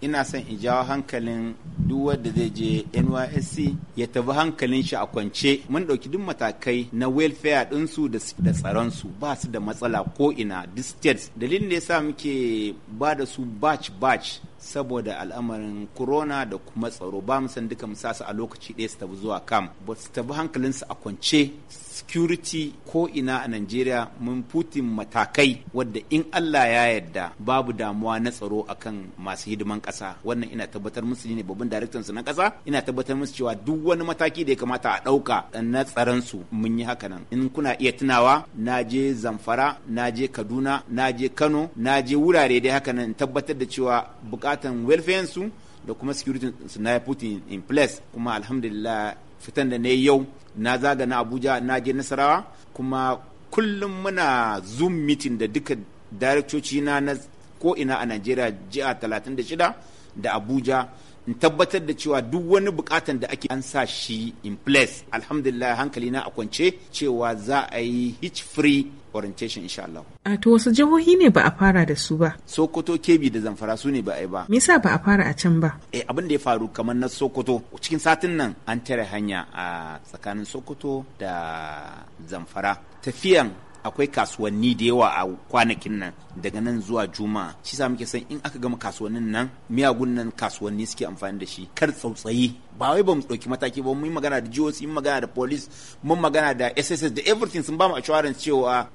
ina son in jawo hankalin duk wanda zai je NYSC ya tafi hankalin shi a kwance mun ɗauki duk matakai na welfare ɗinsu da tsaronsu ba su da matsala ko ina duk states dalilin da yasa muke ba da su batch batch saboda al'amarin corona da kuma tsaro ba mu san duka mu sa a lokaci ɗaya su tafi zuwa kam ba su tafi hankalinsu a kwance security ko ina a Najeriya mun putin matakai wadda in Allah ya yarda babu damuwa na tsaro akan masu hidiman ƙasa wannan ina tabbatar musu ne babban daraktan su na ƙasa ina tabbatar musu cewa duk wani mataki da ya kamata a ɗauka na tsaron su mun yi haka nan in kuna iya tunawa na je Zamfara na je Kaduna na je Kano na je wurare dai haka nan tabbatar da cewa bukatan welfare su da kuma security su na put in place kuma alhamdulillah fitan da na yau na zaga na abuja na je nasarawa kuma kullum muna zoom meeting da duka daraktoci na na ko ina a najeriya jiha 36 da abuja in tabbatar da cewa duk wani bukatan da ake an sa shi in place alhamdulillah hankali na a kwance cewa za a yi hitch free orientation insha Allah. A to wasu jihohi ne ba a fara da su ba. Sokoto Kebbi da Zamfara su ne ba a yi ba. misa ba a fara a can ba? Eh abin da ya faru kamar na Sokoto cikin satin nan an tare hanya a tsakanin Sokoto da Zamfara. Tafiyan akwai kasuwanni da yawa a kwanakin nan daga nan zuwa juma'a shi sa muke san in aka gama kasuwannin nan miyagun nan kasuwanni suke amfani da shi kar tsautsayi ba wai ba mu ɗauki mataki ba mun magana da jihohi mun magana da police mun magana da sss da everything sun ba mu assurance cewa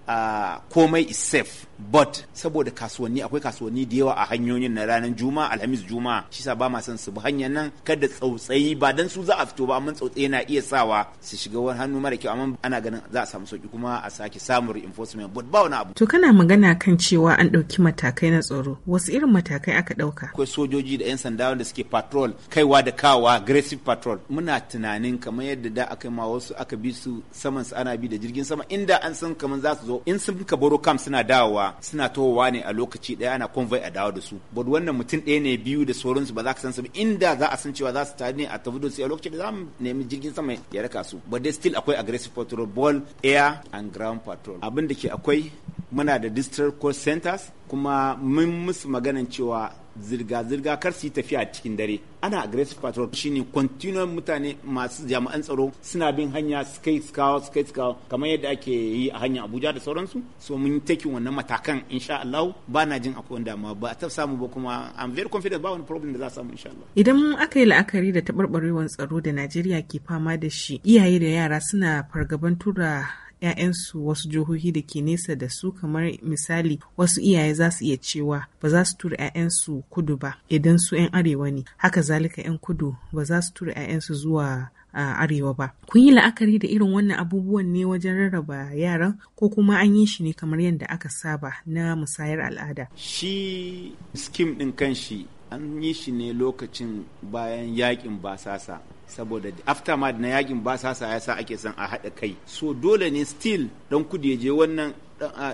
komai is safe but saboda kasuwanni akwai kasuwanni da yawa a hanyoyin na ranar juma'a alhamis juma'a shi sa ba ma son su bi hanyar nan kada tsautsayi ba dan su za a fito ba amma tsautsayi na iya sawa su shiga wani hannu mara kyau amma ana ganin za a samu sauki kuma a sake samun reinforcement but ba wani abu to kana magana kan cewa an ɗauki matakai na tsaro wasu irin matakai aka ɗauka akwai sojoji da 'yan sanda wanda suke patrol kaiwa da kawa Sea patrol muna tunanin kamar yadda da aka ma wasu aka bi su saman su ana bi da jirgin sama inda an san kamar za su zo in sun ka baro kam suna dawowa suna tohowa ne a lokaci ɗaya ana convoy a dawo da su but wannan mutum ɗaya ne biyu da sauransu ba za ka san su ba inda za a san cewa za su tare ne a tafi da su a lokacin da za mu nemi jirgin sama ya raka su but dai still akwai aggressive patrol ball air and ground patrol abin da ke akwai muna da district call centers kuma mun musu maganan cewa zirga-zirga kar su yi tafiya a cikin dare ana aggressive patrol shine continuum mutane masu jami'an tsaro suna bin hanya su kai su kawo su kai su kawo kamar yadda ake yi a hanya abuja da sauransu so mun takin wannan matakan insha Allah ba na jin akwai ma ba ta samu ba kuma am very confident ba wani problem da za a samu insha Allah idan aka yi la'akari da taɓarɓarewar tsaro da Najeriya ke fama da shi iyaye da yara suna fargaban tura 'ya'yansu wasu jihohi da ke nesa da su kamar misali wasu iyaye za su iya cewa ba za su tura 'ya'yansu kudu ba idan su 'yan arewa ne haka zalika 'yan kudu ba za su tura 'ya'yansu zuwa a arewa ba. Kun yi la'akari da irin wannan abubuwan ne wajen rarraba yaran ko kuma an yi shi ne kamar yadda aka saba na musayar al'ada. Shi skim ɗin kanshi an yi shi ne lokacin bayan yakin basasa saboda aftermath na yakin ba sasa ya sa ake son a haɗa kai so dole ne still dan kudu je wannan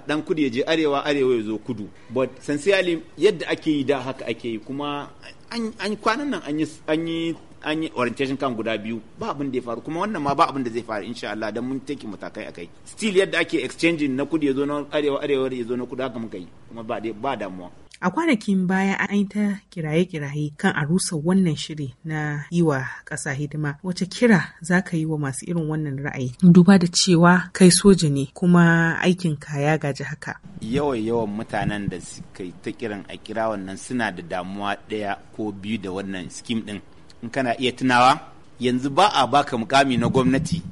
dan kudu je arewa arewa ya zo kudu but sincerely yadda ake yi da haka ake yi kuma an kwanan nan an yi an yi orientation kan guda biyu ba abin da ya faru kuma wannan ma ba abin da zai faru insha Allah dan mun take matakai akai still yadda ake exchanging na kudi ya zo na arewa arewa ya zo na kudu haka muka yi kuma ba ba damuwa A kwanakin baya an yi ta kiraye-kiraye kan a rusa wannan shiri na yi wa ƙasa hidima. Wace kira za ka yi wa masu irin wannan ra'ayi? Duba da cewa kai soja ne kuma aikin ka ya gaji haka. Yawan yawan mutanen da suka yi ta kiran a kira wannan suna da damuwa ɗaya ko biyu da wannan skim ɗin. In kana iya tunawa yanzu ba a baka mukami na gwamnati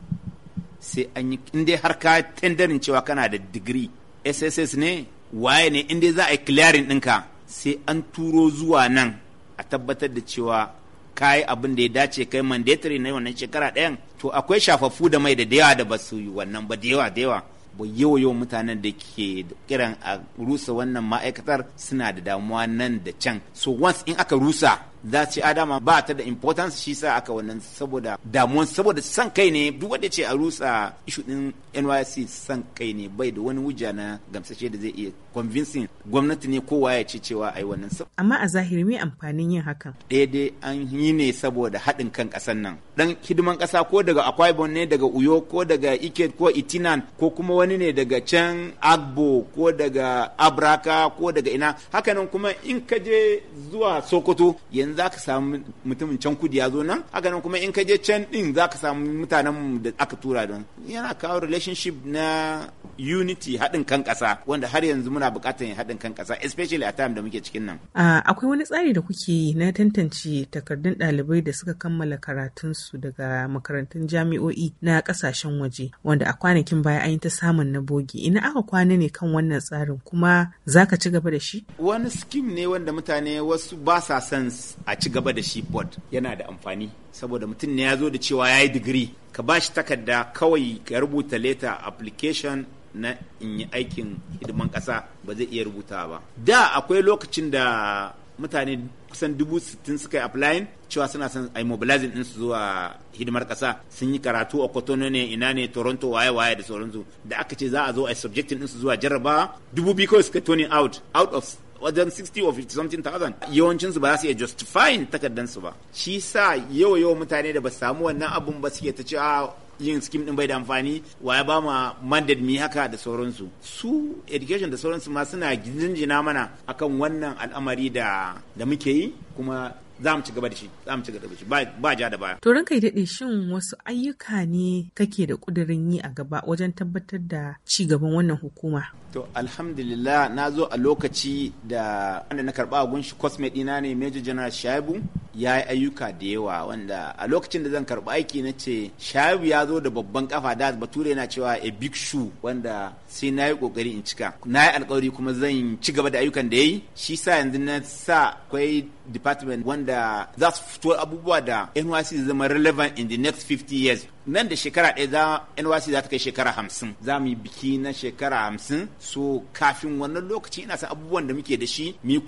sai an yi in dai har ka tendarin cewa kana da digiri SSS ne waye ne in dai za a yi clearing ɗinka sai an turo zuwa nan a tabbatar da cewa kayi abin da ya dace kai mandatory na wannan shekara ɗayan to akwai shafaffu da mai da yawa da ba su yi wannan ba da yawa da yawa ba yau yawan mutanen da ke kiran a rusa wannan ma'aikatar suna da damuwa nan da can so once in aka rusa za ce adama ah, ba ta da importance shi sa aka wannan saboda damuwan saboda san kai ne duk wanda ce a rusa ishu din NYC san kai ne bai da wani wuja na gamsashe da zai iya convincing gwamnati ne kowa ya ce cewa ai wannan amma a zahiri me amfanin yin hakan daidai an yi ne saboda haɗin kan ƙasar nan dan hidiman ƙasa ko daga akwai bon ne daga Uyo ko daga Ike ko Itinan ko kuma wani ne daga can Agbo ko daga Abraka ko daga ina hakanan kuma in ka je zuwa Sokoto yanzu yanzu za ka samu mutumin can kudi ya zo nan haka nan kuma in ka je can din za ka samu mutanen da aka tura don yana kawo relationship na unity haɗin kan ƙasa wanda har yanzu muna buƙatar haɗin kan ƙasa especially a time da muke cikin nan. akwai wani tsari da kuke yi na tantance takardun ɗalibai da suka kammala karatunsu daga makarantun jami'o'i na ƙasashen waje wanda a kwanakin baya an yi ta samun na bogi ina aka kwana ne kan wannan tsarin kuma za ka ci gaba da shi? Wani skim ne wanda mutane wasu ba sa son a ci gaba da shi "board" yana da amfani saboda mutum ne ya zo da cewa ya yi digiri ka ba shi takarda kawai ka rubuta leta application na in yi aikin hidiman ƙasa ba zai iya rubuta ba da akwai lokacin da mutane kusan dubu sittin suka yi applying cewa suna son a mobilizing din su zuwa hidimar ƙasa sun yi karatu a kotono ne ina ne toronto waye waye da sauransu da aka ce za a zo a subjecting din su zuwa jarrabawa dubu biyu kawai suka tone out out of wajen 60 or 50 something thousand yawancin su ba za su iya justifying takardan su ba shi sa yau yau mutane da ba samu wannan abun ba suke ta ci a ah, yin skim din bai da amfani wa ya ba ma mandate mi haka da sauransu su education da sauransu ma suna jinjina mana akan wannan al'amari da da muke yi kuma za mu ci gaba da shi za mu ci gaba da shi ba ja da baya. To ranka ya daɗe shin wasu ayyuka ne kake da ƙudurin yi a gaba wajen tabbatar da ci gaban wannan hukuma? To alhamdulillah na zo a lokaci da wanda na karɓa gun shi cosmet ɗina ne Major General Shaibu ya yi ayyuka da yawa wanda a lokacin da zan karɓi aiki na ce Shaibu ya zo da babban kafa da bature na cewa a big shoe wanda sai na yi ƙoƙari in cika na yi alƙawari kuma zan ci gaba da ayyukan da ya yi shi sa yanzu na sa akwai department wanda za su fito abubuwa da NYC zama relevant in the next 50 years nan da shekara ɗaya za NYC za ta kai shekara hamsin za mu yi biki na shekara hamsin so kafin wannan lokaci ina san abubuwan da muke da shi mu yi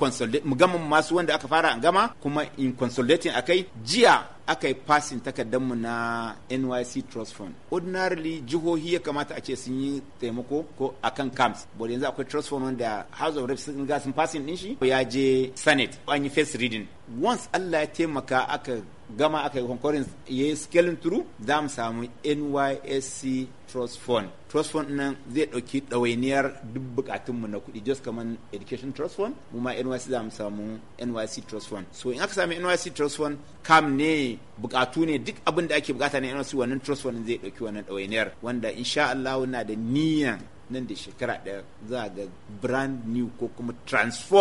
mu gama masu wanda aka fara an gama kuma in consolidating kai jiya aka yi fasin mu na nyc trust fund ordinarily jihohi ya kamata a ce sun yi taimako ko akan camps bari yanzu akwai trust fund wanda house of reps sun gasin sun fasin din shi ko ya je senate an yi first reading once allah ya taimaka aka gama aka yi concurrence ya yi scaling through za mu samu nysc trust fund trust fund nan zai ɗauki ɗawainiyar duk bukatunmu na kuɗi just kaman education trust fund mu ma nyc za mu samu nyc trust fund so in aka samu nyc trust fund kam ne bukatu ne duk abin da ake bukata ne nyc wannan trust fund zai ɗauki wannan ɗawainiyar wanda insha Allah na da niyan nan da shekara ɗaya za ga brand new ko kuma transform